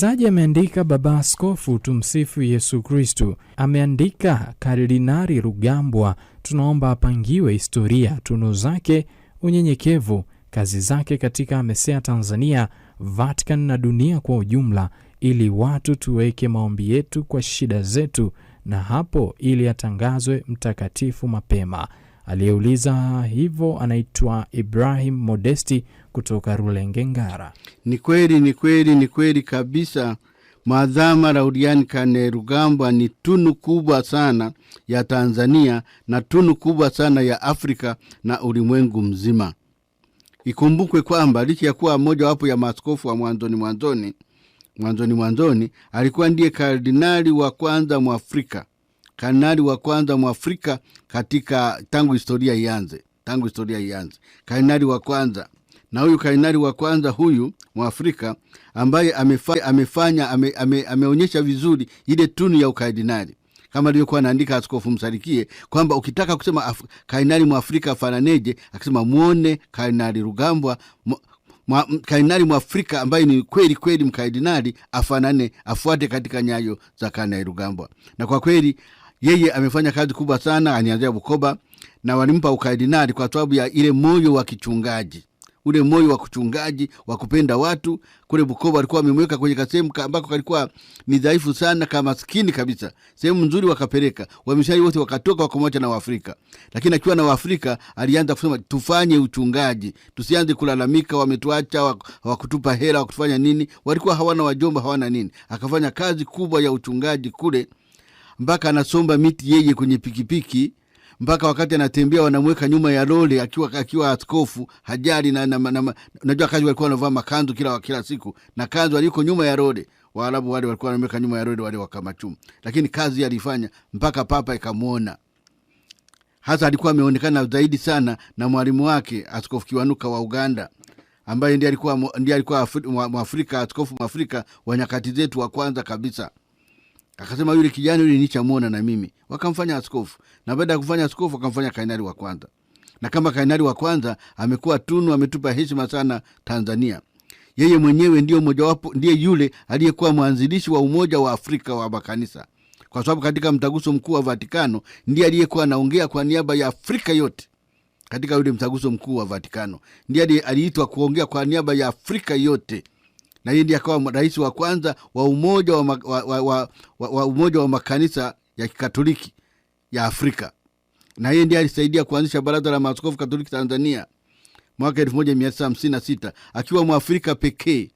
Zaji ameandika baba askofu, tumsifu Yesu Kristu. Ameandika Kardinari Rugambwa, tunaomba apangiwe historia, tunu zake, unyenyekevu, kazi zake katika amesea Tanzania, Vatican na dunia kwa ujumla, ili watu tuweke maombi yetu kwa shida zetu, na hapo ili atangazwe mtakatifu mapema. Aliyeuliza hivyo anaitwa Ibrahim Modesti kutoka rulengengara Ni kweli, ni kweli, ni kweli kabisa. madhama Lauriani Kane Rugambwa ni tunu kubwa sana ya Tanzania na tunu kubwa sana ya Afrika na ulimwengu mzima. Ikumbukwe kwamba licha ya kuwa mojawapo ya maskofu wa mwanzoni mwanzoni mwanzoni mwanzoni alikuwa ndiye kardinali wa kwanza Mwafrika kanali wa kwanza mwafrika katika tangu historia ianze, tangu historia ianze, kanali wa kwanza na huyu kainari wa kwanza huyu Mwafrika ambaye amefanya, amefanya ame, ame, ameonyesha vizuri ile tunu ya ukardinali kama alivyokuwa anaandika Askofu Msarikie kwamba ukitaka kusema Af kainari Mwafrika afananeje, akisema mwone kainari Rugambwa mwa, kainari Mwafrika ambaye ni kweli kweli mkainari afanane afuate katika nyayo za kainari Rugambwa, na kwa kweli yeye amefanya kazi kubwa sana, anianzia Bukoba na walimpa ukardinali kwa sababu ya ile moyo wa kichungaji ule moyo wa kuchungaji wa kupenda watu kule Bukoba. Walikuwa wamemweka kwenye kasehemu ambako kalikuwa ni dhaifu sana, kama maskini kabisa, sehemu nzuri wakapeleka. Wamishari wote wakatoka wakamwacha na Waafrika, lakini akiwa na Waafrika alianza kusema tufanye uchungaji, tusianze kulalamika, wametuacha, wakutupa hela, wakutufanya nini, walikuwa hawana wajomba, hawana nini. Akafanya kazi kubwa ya uchungaji kule mpaka anasomba miti yeye kwenye pikipiki mpaka wakati anatembea wanamweka nyuma ya lole akiwa akiwa askofu hajali na, na, na, na, najua kazi walikuwa wanavaa makanzu kila kila siku na kanzu aliko nyuma ya lole waarabu wale walikuwa wanamweka nyuma ya lole wale wakamachuma lakini kazi alifanya mpaka papa ikamwona hasa alikuwa ameonekana zaidi sana na mwalimu wake askofu kiwanuka wa uganda ambaye ndiye alikuwa ndiye alikuwa mwafrika askofu mwafrika wa nyakati zetu wa kwanza kabisa akasema yule kijana yule nichamwona na mimi wakamfanya askofu na baada ya kufanya askofu wakamfanya kainari wa kwanza na kama kainari wa kwanza amekuwa tunu ametupa heshima sana tanzania yeye mwenyewe ndiyo mojawapo ndiye yule aliyekuwa mwanzilishi wa umoja wa afrika wa makanisa kwa sababu katika mtaguso mkuu wa vatikano ndiye aliyekuwa anaongea kwa niaba ya afrika yote katika yule mtaguso mkuu wa vatikano ndiye aliitwa kuongea kwa niaba ya afrika yote na yeye ndiye akawa rais wa kwanza wa umoja wa, ma, wa, wa, wa, wa, wa umoja wa makanisa ya kikatoliki ya Afrika, na yeye ndiye alisaidia kuanzisha baraza la maaskofu katoliki Tanzania mwaka 1956 akiwa mwafrika pekee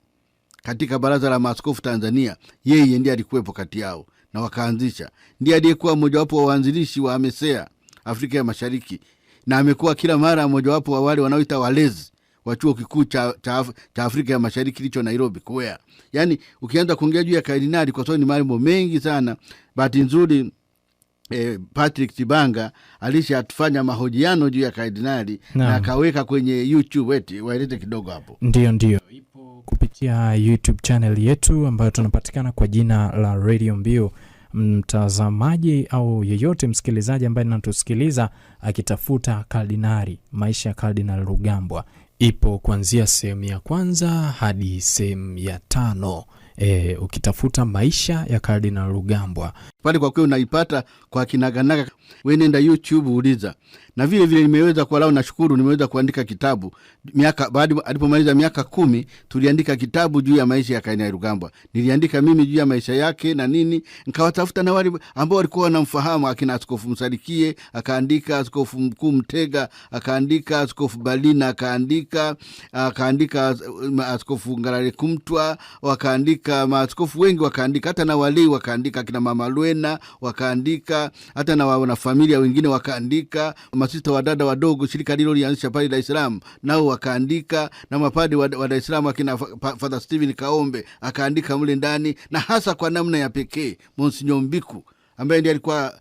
katika baraza la maaskofu Tanzania. Yeye ndiye alikuwepo kati yao na wakaanzisha. Ndiye aliyekuwa mmojawapo wa waanzilishi wa AMESEA Afrika ya Mashariki, na amekuwa kila mara mmojawapo wa wale wanaoita walezi wa chuo kikuu cha, cha, cha Afrika ya Mashariki kilicho Nairobi kuwea Yaani ukianza kuongea juu ya kardinali, kwa sababu ni mambo mengi sana. Bahati nzuri eh, Patrick Tibanga alishatufanya mahojiano juu ya kardinali na akaweka kwenye YouTube. Eti waelete kidogo hapo. Ndio, ndio ipo kupitia YouTube channel yetu ambayo tunapatikana kwa jina la Radio Mbiu mtazamaji au yeyote msikilizaji ambaye natusikiliza akitafuta kardinari maisha ya kardinal Rugambwa, ipo kuanzia sehemu ya kwanza hadi sehemu ya tano e, ukitafuta maisha ya Kardinal Rugambwa pale kwa kweli unaipata kwa kinaganaga. Wewe nenda YouTube uliza, na vile vile nimeweza kwa lao, nashukuru nimeweza kuandika kitabu miaka baada alipomaliza miaka kumi, tuliandika kitabu juu ya maisha ya Kardinal Rugambwa. Niliandika mimi juu ya maisha yake na nini, nikawatafuta na wale ambao walikuwa wanamfahamu, akina Askofu Msalikie akaandika, Askofu Mkuu Mtega akaandika, Askofu Balina akaandika, akaandika eh, Askofu Ngarare Kumtwa wakaandika wakaandika, maaskofu wengi wakaandika, hata na walei wakaandika, akina mama Lwena wakaandika, hata na wanafamilia wengine wakaandika, masista wa dada wadogo, shirika lilolianzisha pale Dar es Salaam nao wakaandika, na mapadi wa Dar es Salaam akina Father stephen Kaombe akaandika mle ndani, na hasa kwa namna ya pekee Monsinyo Mbiku ambaye ndiye alikuwa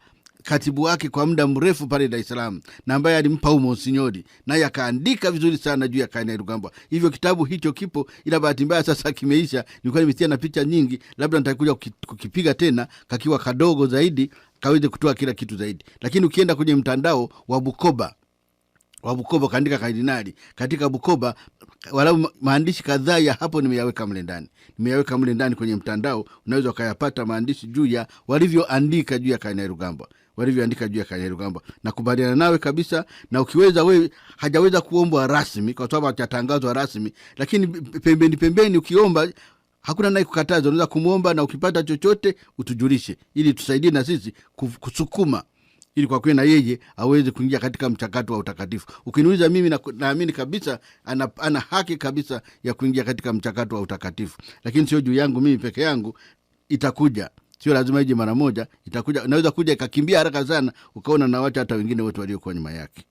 katibu wake kwa muda mrefu pale Dar es Salaam na ambaye alimpa huu monsinyori, naye akaandika vizuri sana juu ya Kardinali Rugambwa. Hivyo kitabu hicho kipo, ila bahati mbaya sasa kimeisha. Nilikuwa nimetia na picha nyingi, labda nitakuja kukipiga tena kakiwa kadogo zaidi kaweze kutoa kila kitu zaidi. Lakini ukienda kwenye mtandao wa Bukoba wa Bukoba kaandika kardinali katika Bukoba, walau maandishi kadhaa ya hapo nimeyaweka mle ndani, nimeyaweka mle ndani kwenye mtandao, unaweza ukayapata maandishi juu ya walivyoandika juu ya kardinali Kainerugambwa walivyoandika juu ya kardinali Kainerugambwa. Nakubaliana nawe kabisa, na ukiweza wewe, hajaweza kuombwa rasmi kwa sababu hajatangazwa rasmi, lakini pembeni pembeni, ukiomba hakuna naye kukataza, unaweza kumwomba, na ukipata chochote utujulishe, ili tusaidie na sisi kusukuma ili kwa kweli na yeye aweze kuingia katika mchakato wa utakatifu. Ukiniuliza mimi, naamini na kabisa ana, ana haki kabisa ya kuingia katika mchakato wa utakatifu, lakini sio juu yangu mimi peke yangu. Itakuja, sio lazima ije mara moja, itakuja. Naweza kuja ikakimbia haraka sana, ukaona na watu hata wengine wote waliokuwa nyuma yake.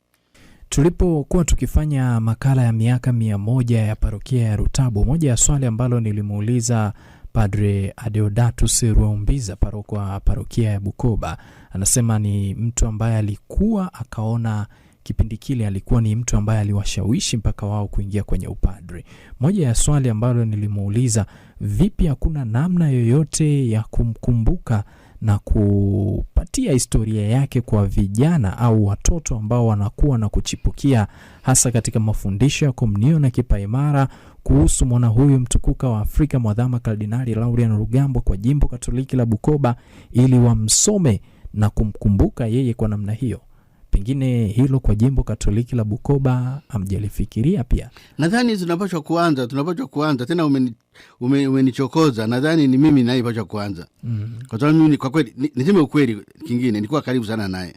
Tulipokuwa tukifanya makala ya miaka mia moja ya parokia ya Rutabu, moja ya swali ambalo nilimuuliza Padre Adeodatus Rwaumbiza, paroko wa parokia ya Bukoba, anasema ni mtu ambaye alikuwa akaona kipindi kile alikuwa ni mtu ambaye aliwashawishi mpaka wao kuingia kwenye upadre. Moja ya swali ambalo nilimuuliza, vipi hakuna namna yoyote ya kumkumbuka na kupatia historia yake kwa vijana au watoto ambao wanakuwa na kuchipukia, hasa katika mafundisho ya komunio na kipaimara kuhusu mwana huyu mtukuka wa Afrika Mwadhama Kardinali Laurian Rugambwa kwa jimbo Katoliki la Bukoba, ili wamsome na kumkumbuka yeye kwa namna hiyo pengine hilo kwa jimbo Katoliki la Bukoba amjalifikiria pia? Nadhani tunapashwa kuanza, tunapashwa kuanza tena. Umenichokoza, ume, ume nadhani ni mimi nayepashwa kuanza mm. kwa sababu mimi kwa kweli niseme ukweli, kingine nikuwa karibu sana naye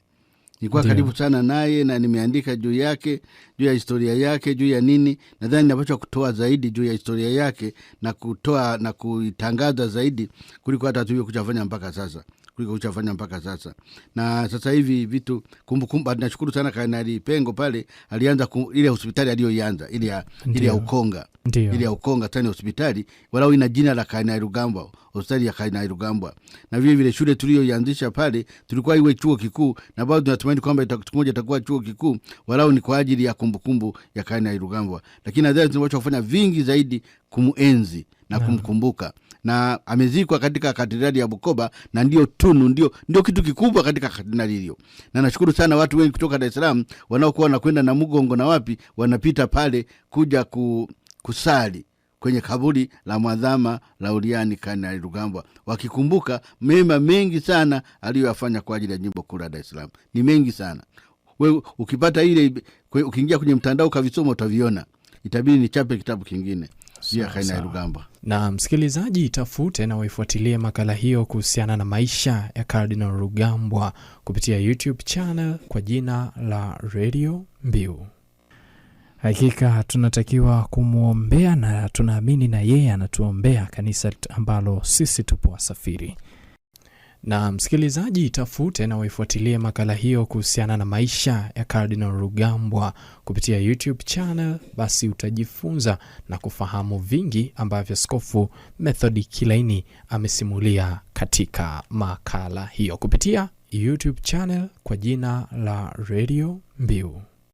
nikuwa karibu sana naye na nimeandika juu yake, juu ya historia yake, juu ya nini. Nadhani napashwa kutoa zaidi juu ya historia yake na kutoa na kuitangaza zaidi kuliko hata tulivyokuchafanya mpaka sasa kuliko uchafanya mpaka sasa. Na sasa hivi vitu kumbukumbu, nashukuru sana Kanali Pengo pale alianza kum, ile hospitali aliyoianza ile ya ile ya Ukonga Ndiyo. ile ya Ukonga tani hospitali walau ina jina la Kanali Rugambwa, hospitali ya Kanali Rugambwa. Na vile vile shule tuliyoianzisha pale tulikuwa iwe chuo kikuu, na bado tunatumaini kwamba siku moja itakuwa chuo kikuu, walau ni kwa ajili ya kumbukumbu kumbu ya Kanali Rugambwa. Lakini nadhani tunaweza kufanya vingi zaidi kumuenzi na kumkumbuka na amezikwa katika katedrali ya Bukoba, na ndio tunu, ndio ndio kitu kikubwa katika katedrali hiyo. Na nashukuru sana watu wengi kutoka Dar es Salaam wanaokuwa wanakwenda na Mugongo na wapi, wanapita pale kuja ku, kusali kwenye kaburi la mwadhama Lauriani Kardinali Rugambwa, wakikumbuka mema mengi sana aliyoyafanya kwa ajili ya jimbo kuu la Dar es Salaam. Ni mengi sana we, ukipata ile, ukiingia kwenye mtandao ukavisoma utaviona. Itabidi nichape kitabu kingine yeah, Na msikilizaji, tafute na uifuatilie makala hiyo kuhusiana na maisha ya Cardinal Rugambwa kupitia YouTube channel kwa jina la Radio Mbiu. Hakika tunatakiwa kumwombea na tunaamini na yeye anatuombea kanisa ambalo sisi tupo wasafiri. Na msikilizaji, tafute na uifuatilie makala hiyo kuhusiana na maisha ya Kardinal Rugambwa kupitia YouTube channel. Basi utajifunza na kufahamu vingi ambavyo Skofu Method Kilaini amesimulia katika makala hiyo kupitia YouTube channel kwa jina la Radio Mbiu.